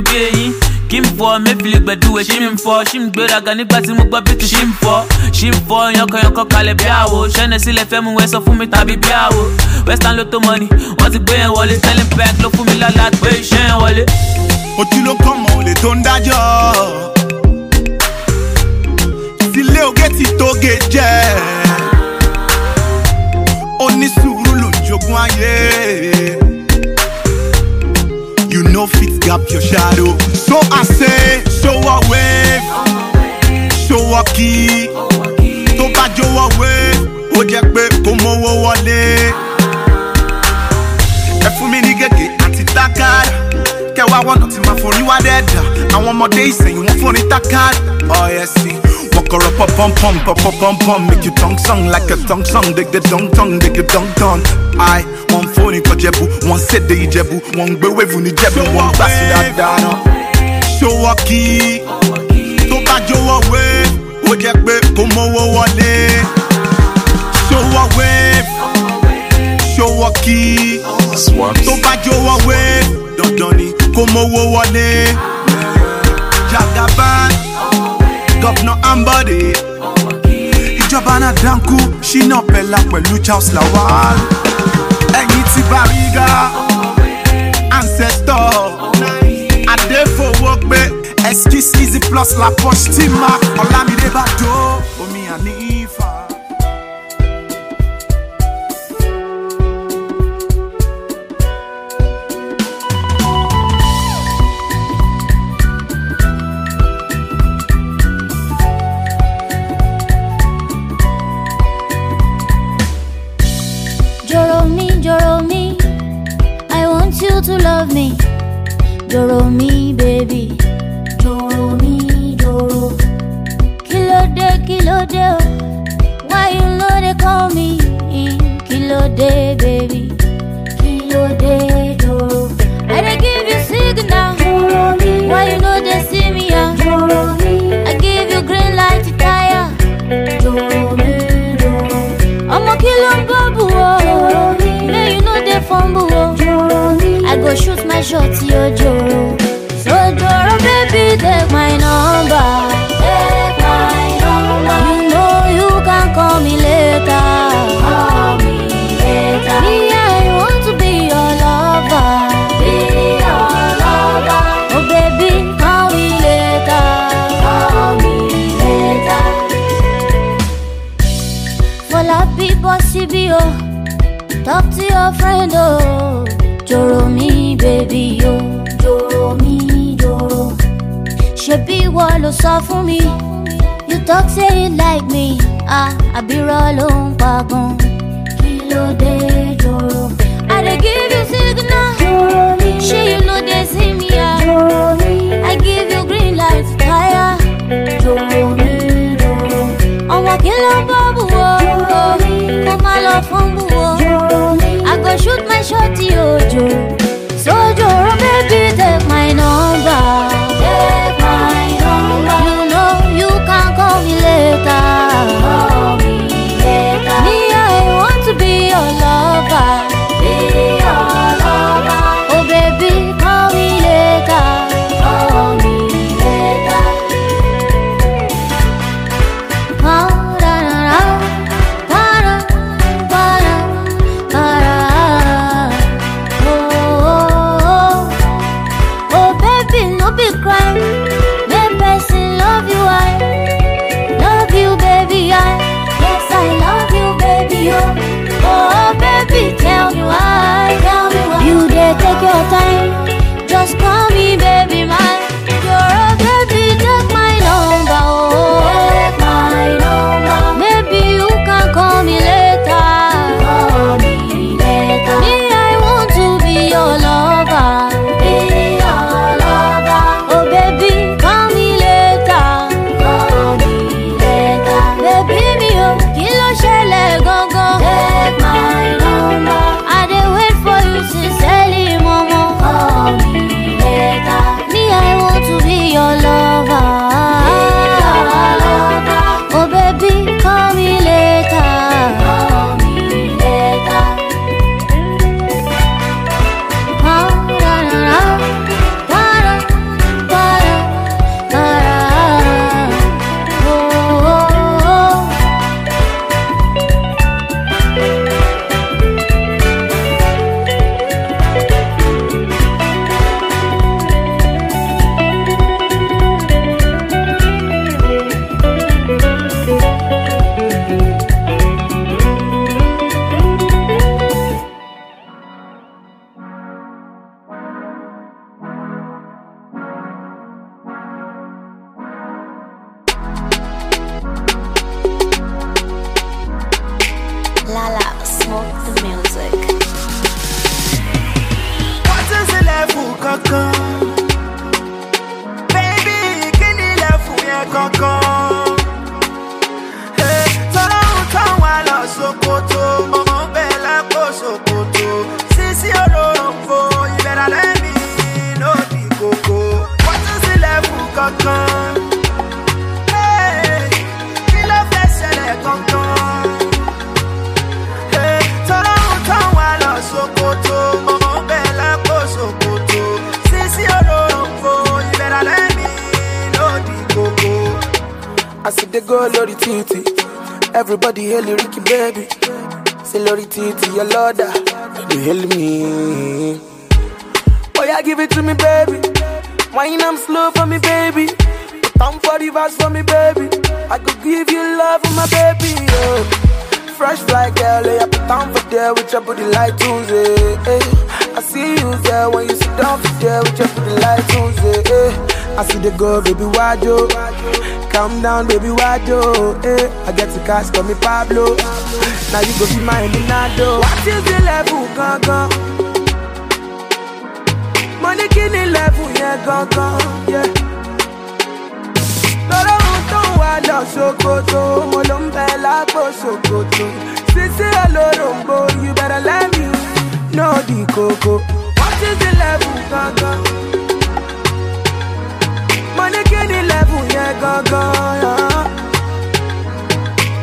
bí eyín kí n fọ mébìlì gbẹ̀dú wẹ̀ ṣí mi fọ ṣí mi gbéraga nígbà tí mo gbọ́ bíkì ṣí mi fọ ṣí mi fọ yankanyankan kalẹ̀ bí àwo ṣẹ́ni sílẹ̀ fẹ́ mu wẹ́ sọ fún mi tàbí bí àwo western lotto money wọ́n ti gbé yẹn wọlé selling bank ló fún mi lálá gbé iṣẹ́ yẹn wọlé. ojú ló kàn mọ́ olè tó ń dájọ́ sílé oge ti tóge jẹ́ onísùúrù ló jogún ayé no fit gap your shadow. So I say, show a wave, show a key. Tó bá jó wá wave, ó jẹ́ pé kò mówó wọlé. Ẹ fún mi ní gègé àti tákàdá. Kẹwàá wọ́n kàn ti máa forí wá dẹ́ẹ̀dá. Àwọn ọmọdé ìsẹ̀yìn wọn fún ní tákàdá. Ọ̀yẹ̀sìn. Corrupt a pop Make you tongue song like a tongue song. Dig the dong dong, dig the dong dong. I one phone one set the one Jebu, one Show a key, tó away, ó Show a wave, show a key, tó away, Jagaban. Governor Ambode. Ìjọba náà dánkù ṣínà pẹ̀lá pẹ̀lú Charles Lawal. Ẹ̀yin ti Bariga, Ancestor, Adéfowó pé Excuse Easy plus La Poche tí Mark Olamide bá dó. Omi àní. to love me. Doro me, baby. Doro mi, doro. Kílódé, kílódé, oh. Why you know they call me? Mm, kílódé, baby. Kílódé, doro. I dey give you signal. Doro me. Why you know they see me? Ah? Doro mi. I give you green light to tire. Doro me, doro. I'm a ń bọ̀ bù me. May you know they fumble. aṣọ tí ó sọ fún mi you talk say you like me ah àbírọ̀ ló ń pa gan kí ló dé. They go lórí títì everybody hail ricky baby say lórí títì your lọ́dà dey ah, hail me. boy. I give it to me baby wine am slow for me baby put for the verse for me baby I go give you love for my baby. Yeah. fresh like LA. I put down for there with your booty like Tuesday. Hey. Eh. I see you there when you sit down for there with your booty like Tuesday. Hey. Eh. I see the girl, baby, why you? Calm down, baby, why do? Eh, I get to cash, call me Pablo. Now you go be my Leonardo. What is the level, gaga? Money kini level, yeah, gaga, yeah. Lọ́rọ̀ ohun tó ń wá lọ Sokoto, mo ló ń bẹ lápò Sokoto. Sisi olóròǹbó, you better let me No the koko. What is the level, gaga? Money ni level yẹn gangan.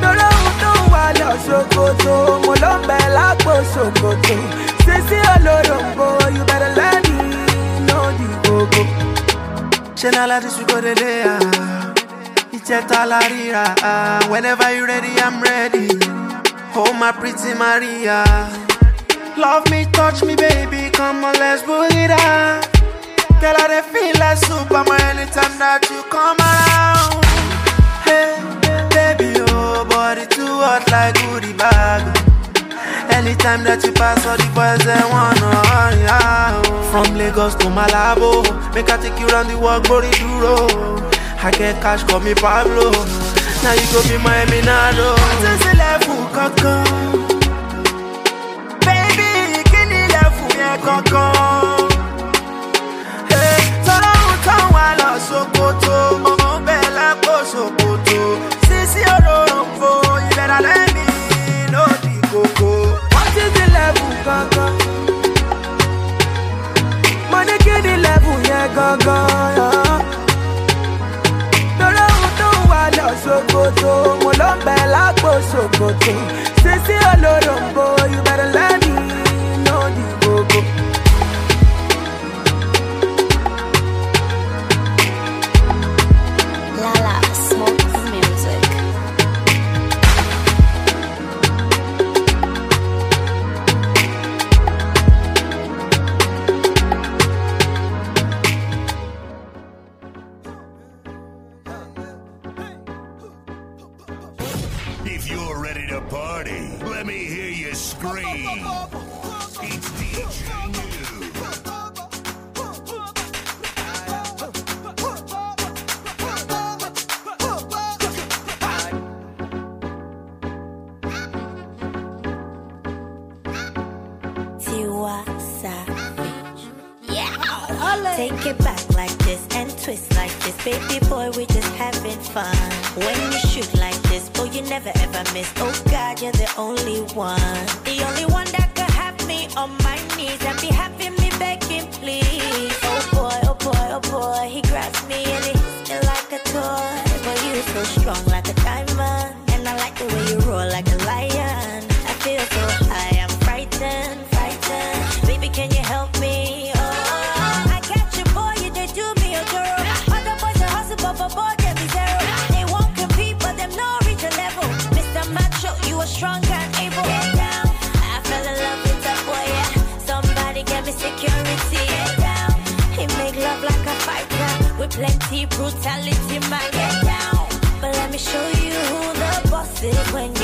Lọ́lọ́run tó ń wà lọ ṣòkòtò, mo ló ń bẹ lápò ṣòkòtò. Sisi olóròǹgbò, you better let me know the gbogbo. Ṣé nálá ti ṣùgbọ́n délé à? Ìjẹta la ríra ah, ah. Whenever you ready, I'm ready. Oh my pretty Maria. Love me, touch me, baby. Come on, let's boogie up. Girl, I feel like Superman anytime that you come around. Hey, baby, oh, body too hot like goodie bag. Anytime that you pass, all the boys they wanna hurry out. From Lagos to Malabo, make I take you round the world, body duro. I get cash, call me Pablo. Now you go be my Minado. This is level, coco. Baby, give me level, yeah, coco. koto, mọ̀mọ́ ń bẹ̀ lápò ṣòkòtò. Sisi olóròǹfò ìbẹ̀rẹ̀ lẹ́mí lòdì di ah? tó ń wà ṣòkòtò, mo ló ń bẹ̀ lápò It's DJ New. Take it back like this and twist like this. Baby boy, we just having fun. brutality might get down. But let me show you who the boss is when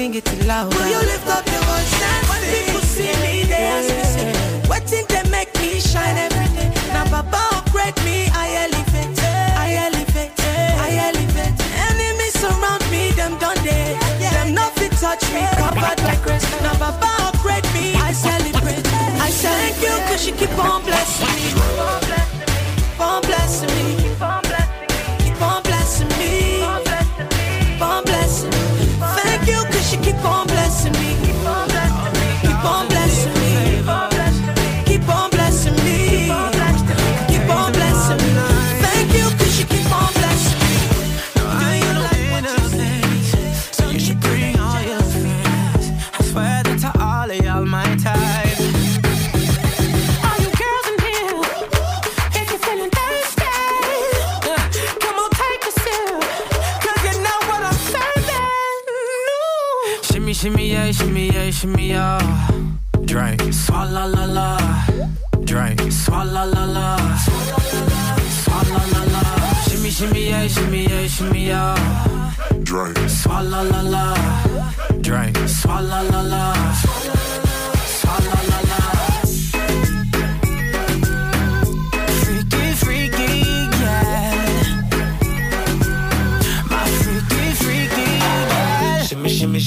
sing it louder. Will you lift up your voice and people see me? They ask me, say, what thing they make me shine every day? Now Baba upgrade me, I elevate, I elevate, I elevate. Enemies surround me, them done they, them nothing touch me, covered by grace. Now Baba upgrade me, I celebrate, I Thank you, cause you keep on blessing me, keep on blessing me, keep on blessing me. shimmy, me up. Drink. Swalla la la. Drink. Swalla la la. Swalla la la. Shimmy, shimmy, yeah, shimmy, yeah, shimmy, yeah. Drink. Swalla la la. Drink. Swalla la la. Swalla la la.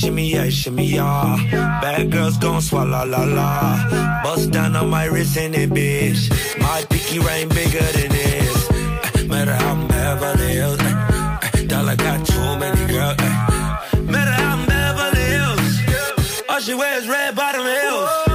shimmy yeah, shimmy yeah. Bad girls gon' swallow la la. Bust down on my wrist and it, bitch. My picky rain bigger than this. Uh, matter how I'm Beverly Hills. Uh, dollar got too many girls. Uh, matter how I'm Beverly Hills. All she wears red bottom heels.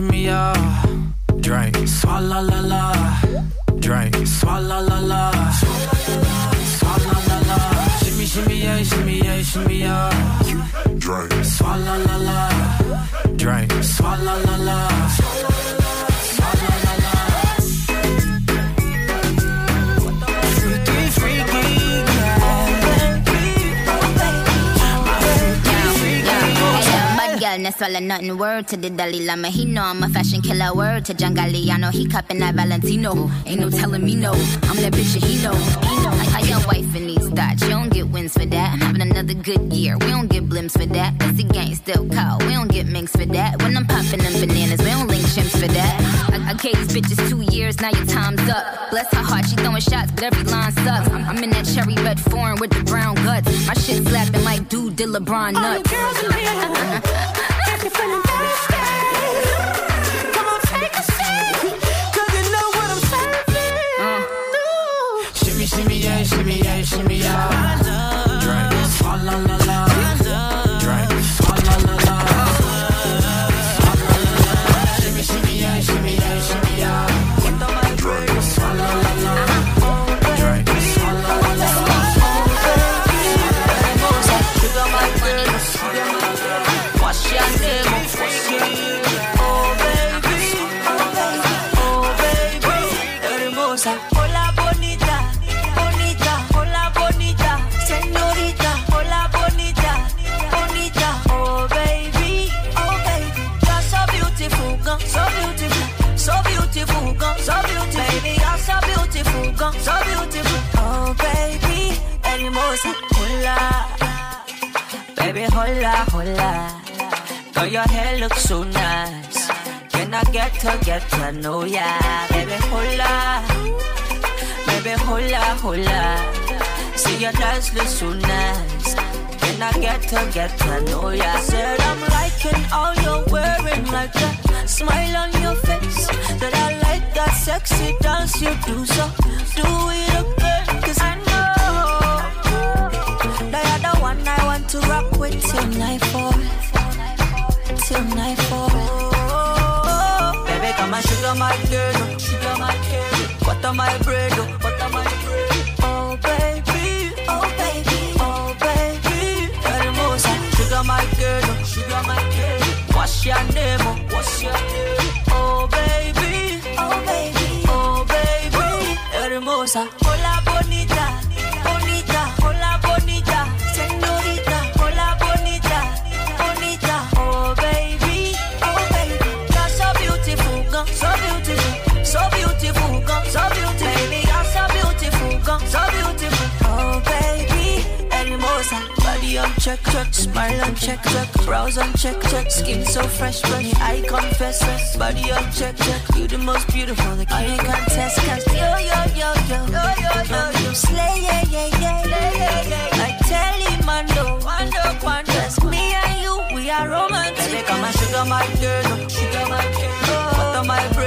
me up. Drink. Swalla la la. Drink. Swalla la la. Swalla la la. Shimmy shimmy yeah, shimmy yeah, shimmy yeah. Drink. Swalla la la. Drink. Swalla la la. finna swallow nothing. Word to the Dalai Lama, he know I'm a fashion killer. Word to I know he cupping that Valentino. Ain't no telling me no. I'm that bitch that he know. He I, got wife and these thoughts. You don't get wins for that. I'm having another good year. We don't get blimps for that. Cause the gang still cold. We don't get minks for that. When I'm popping them bananas, we don't link chimps for that. I, I gave these bitches two years, now your time's up. Bless her heart, she throwing shots, but every line sucks. I'm, I'm in that cherry red foreign with the brown guts. My shit slapping like dude did LeBron nuts. All the girls in here, if you're feeling thirsty, come on, take a seat. shimmy, shimmy, y'all. hermosa. Hola, baby, hola, hola. Girl, your hair looks so nice. Can I get to get to know ya? Baby, hola, baby, hola, hola. See your dance looks so nice. Can I get to get to know ya? Said I'm liking all you're wearing, like that smile on your face. That I like that sexy dance you do. So do it again. one I want to rock with till nightfall, till nightfall. Oh, baby, come and sugar my girl, sugar my girl. Butter my bread, butter my bread. Oh baby, oh baby, oh baby. Hermosa, sugar my girl, sugar my girl. What's your name? What's your name? Oh baby, oh baby, oh baby. Hermosa. check, check, smile on check, check, brows on check, check, skin so fresh, fresh, I confess, body on check, check, you the most beautiful, the like can't contest, cause yo, yo, yo, yo, yo, yo, yo, yo, slay, yeah, yeah, yeah, yeah, yeah, I tell him, Mando, Mando, Quando, just me and you, we are romantic, baby, come and sugar my girl, sugar my girl, what am I